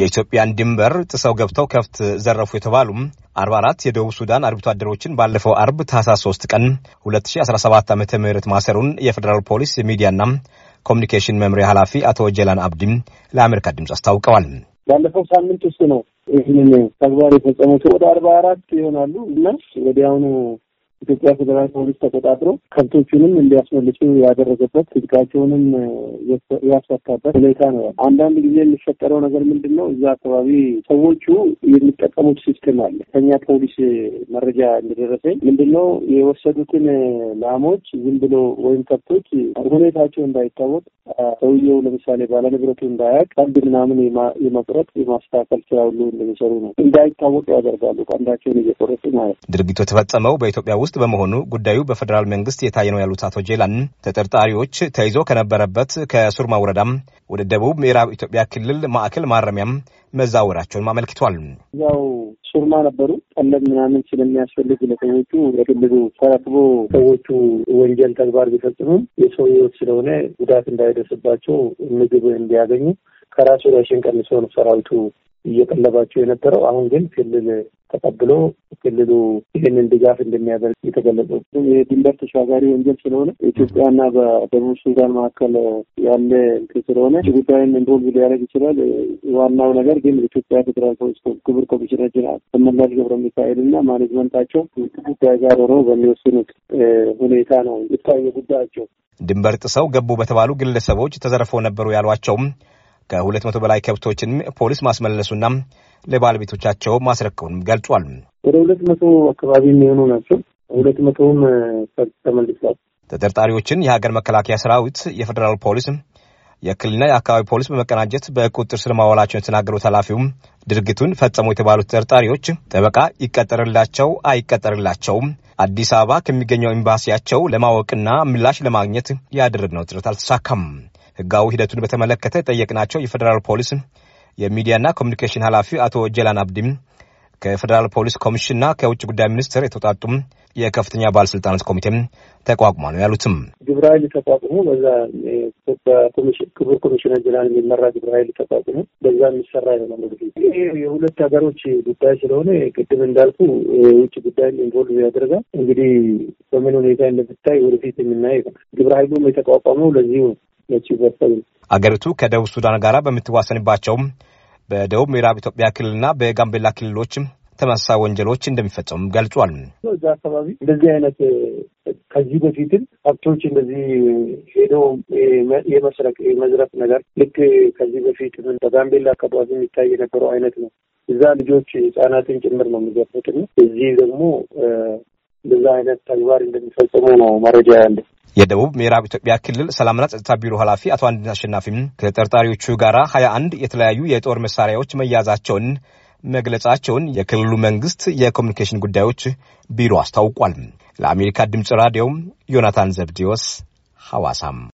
የኢትዮጵያን ድንበር ጥሰው ገብተው ከብት ዘረፉ የተባሉም 44 የደቡብ ሱዳን አርብቶ አደሮችን ባለፈው አርብ ታህሳስ 3 ቀን 2017 ዓ ም ማሰሩን የፌዴራል ፖሊስ የሚዲያና ኮሚኒኬሽን መምሪያ ኃላፊ አቶ ጀላን አብዲም ለአሜሪካ ድምፅ አስታውቀዋል። ባለፈው ሳምንት ውስጥ ነው ይህንን ተግባር የፈጸሙት ወደ አርባ አራት ይሆናሉ እና ወዲያውኑ ኢትዮጵያ ፌዴራል ፖሊስ ተቆጣጥሮ ከብቶቹንም እንዲያስመልሱ ያደረገበት ህጋቸውንም ያስፈታበት ሁኔታ ነው። አንዳንድ ጊዜ የሚፈጠረው ነገር ምንድን ነው? እዛ አካባቢ ሰዎቹ የሚጠቀሙት ሲስተም አለ። ከኛ ፖሊስ መረጃ እንደደረሰኝ ምንድን ነው የወሰዱትን ላሞች ዝም ብሎ ወይም ከብቶች ሁኔታቸው እንዳይታወቅ ሰውየው ለምሳሌ ባለንብረቱ እንዳያቅ ቀንድ ምናምን የመቁረጥ የማስተካከል ስራ ሁሉ እንደሚሰሩ ነው። እንዳይታወቁ ያደርጋሉ። ቀንዳቸውን እየቆረጡ ማለት ነው። ድርጊቱ የተፈጸመው በኢትዮጵያ ውስጥ በመሆኑ ጉዳዩ በፌዴራል መንግስት የታየ ነው ያሉት አቶ ጄላን ተጠርጣሪዎች ተይዞ ከነበረበት ከሱርማ ወረዳም ወደ ደቡብ ምዕራብ ኢትዮጵያ ክልል ማዕከል ማረሚያም መዛወራቸውን አመልክቷል። ያው ሱርማ ነበሩ። ቀለብ ምናምን ስለሚያስፈልግ ለሰዎቹ ለክልሉ ተረክቦ ሰዎቹ ወንጀል ተግባር ቢፈጽሙም የሰው ህይወት ስለሆነ ጉዳት እንዳይደርስባቸው ምግብ እንዲያገኙ ከራሱ ራሽን ቀንሶ ነው ሰራዊቱ እየቀለባቸው የነበረው። አሁን ግን ክልል ተቀብሎ ክልሉ ይህንን ድጋፍ እንደሚያደርግ የተገለጸ የድንበር ተሻጋሪ ወንጀል ስለሆነ ኢትዮጵያና በደቡብ ሱዳን መካከል ያለ እንትን ስለሆነ ጉዳይን ኢንቮልቭ ሊያደርግ ይችላል። ዋናው ነገር ግን ኢትዮጵያ ፌዴራል ፖሊስ ክቡር ኮሚሽነር ጀነራል ተመላሽ ገብረ ሚካኤል እና ማኔጅመንታቸው ጉዳይ ጋር ሆነው በሚወስኑት ሁኔታ ነው የታየ ጉዳያቸው። ድንበር ጥሰው ገቡ በተባሉ ግለሰቦች ተዘርፈው ነበሩ ያሏቸውም ከሁለት መቶ በላይ ከብቶችንም ፖሊስ ማስመለሱና ለባለቤቶቻቸው ማስረከቡንም ገልጿል። ወደ ሁለት መቶ አካባቢ የሚሆኑ ናቸው። ሁለት መቶውም ተመልሷል። ተጠርጣሪዎችን የሀገር መከላከያ ሰራዊት፣ የፌዴራል ፖሊስ፣ የክልልና የአካባቢ ፖሊስ በመቀናጀት በቁጥጥር ስር ማዋላቸውን የተናገሩት ኃላፊውም ድርጊቱን ፈጸሙ የተባሉት ተጠርጣሪዎች ጠበቃ ይቀጠርላቸው አይቀጠርላቸውም አዲስ አበባ ከሚገኘው ኤምባሲያቸው ለማወቅና ምላሽ ለማግኘት ያደረግነው ጥረት አልተሳካም። ህጋዊ ሂደቱን በተመለከተ ናቸው የፌዴራል ፖሊስ የሚዲያና ኮሚኒኬሽን ኃላፊ አቶ ጀላን አብዲም ከፌዴራል ፖሊስ ኮሚሽንና ከውጭ ጉዳይ ሚኒስትር የተውጣጡም የከፍተኛ ባለስልጣናት ኮሚቴም ተቋቁሟ ነው ያሉትም ግብረ ኃይል ተቋቁሞ በዛ ክቡር ኮሚሽነር ጀነራል የሚመራ ግብረ ኃይል ተቋቁሞ በዛ የሚሰራ ነው። እንግዲህ ይህ የሁለት ሀገሮች ጉዳይ ስለሆነ ቅድም እንዳልኩ የውጭ ጉዳይ ኢንቮልቭ ያደርጋል። እንግዲህ በምን ሁኔታ እንደምታይ ወደፊት የምናየው ግብረ ኃይሉም የተቋቋመው ለዚሁ ነች ይወሰኑ አገሪቱ ከደቡብ ሱዳን ጋር በምትዋሰንባቸው በደቡብ ምዕራብ ኢትዮጵያ ክልልና በጋምቤላ ክልሎች ተመሳሳይ ወንጀሎች እንደሚፈጸሙም ገልጿል። እዛ አካባቢ እንደዚህ አይነት ከዚህ በፊትም ሀብቶች እንደዚህ ሄደው የመስረቅ የመዝረፍ ነገር ልክ ከዚህ በፊት ምን በጋምቤላ አካባቢ የሚታይ የነበረው አይነት ነው። እዛ ልጆች ህጻናትን ጭምር ነው የሚገፉት። እዚህ ደግሞ እንደዛ አይነት ተግባር እንደሚፈጽሙ ነው መረጃ ያለ የደቡብ ምዕራብ ኢትዮጵያ ክልል ሰላምና ጸጥታ ቢሮ ኃላፊ አቶ አንድነት አሸናፊም ከተጠርጣሪዎቹ ጋር 21 የተለያዩ የጦር መሳሪያዎች መያዛቸውን መግለጻቸውን የክልሉ መንግስት የኮሚኒኬሽን ጉዳዮች ቢሮ አስታውቋል። ለአሜሪካ ድምፅ ራዲዮ ዮናታን ዘብዲዮስ ሐዋሳም